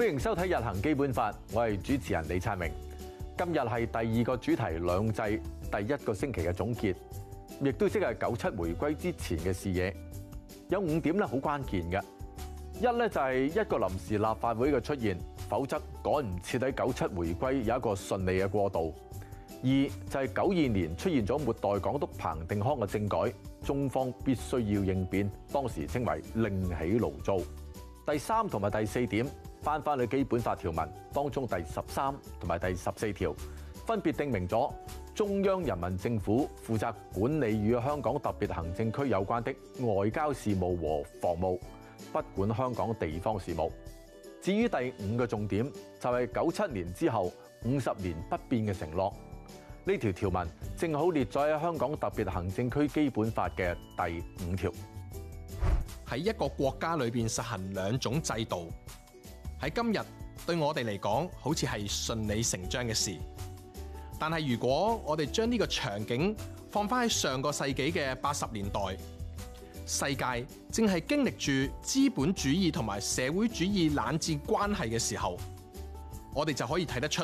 歡迎收睇《日行基本法》，我係主持人李燦明。今日係第二個主題，兩制第一個星期嘅總結，亦都即係九七回歸之前嘅視野有五點咧，好關鍵嘅一咧就係、是、一個臨時立法會嘅出現，否則趕唔切喺九七回歸有一個順利嘅過渡。二就係九二年出現咗末代港督彭定康嘅政改，中方必須要應變，當時稱為另起爐灶。第三同埋第四點。翻返去基本法條文當中第十三同埋第十四條，分別定明咗中央人民政府負責管理與香港特別行政區有關的外交事務和防務，不管香港地方事務。至於第五個重點，就係九七年之後五十年不變嘅承諾。呢條條文正好列在喺香港特別行政區基本法嘅第五條。喺一個國家裏面，實行兩種制度。喺今日對我哋嚟講，好似係順理成章嘅事。但係如果我哋將呢個場景放翻喺上個世紀嘅八十年代，世界正係經歷住資本主義同埋社會主義冷戰關係嘅時候，我哋就可以睇得出，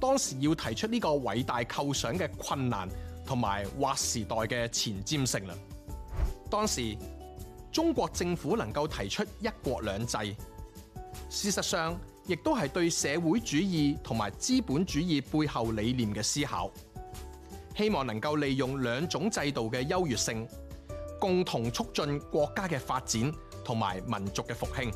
當時要提出呢個偉大構想嘅困難同埋劃時代嘅前瞻性啦。當時中國政府能夠提出「一國兩制」。事實上，亦都係對社會主義同埋資本主義背後理念嘅思考，希望能夠利用兩種制度嘅優越性，共同促進國家嘅發展同埋民族嘅復興。